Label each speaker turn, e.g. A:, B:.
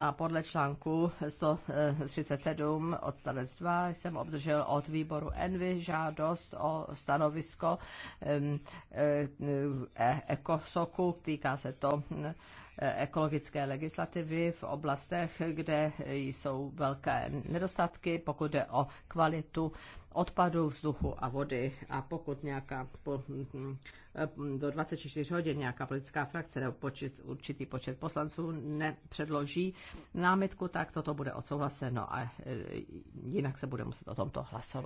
A: a podle článku 137 odstavec 2 jsem obdržel od výboru Envy žádost o stanovisko ECOSOKu, e, týká se to Eh, ekologické legislativy v oblastech, kde jsou velké nedostatky, pokud jde o kvalitu odpadu, vzduchu a vody. A pokud nějaká po, hm, hm, do 24 hodin nějaká politická frakce nebo počet, určitý počet poslanců nepředloží námitku, tak toto bude odsouhlaseno a eh, jinak se bude muset o tomto hlasovat.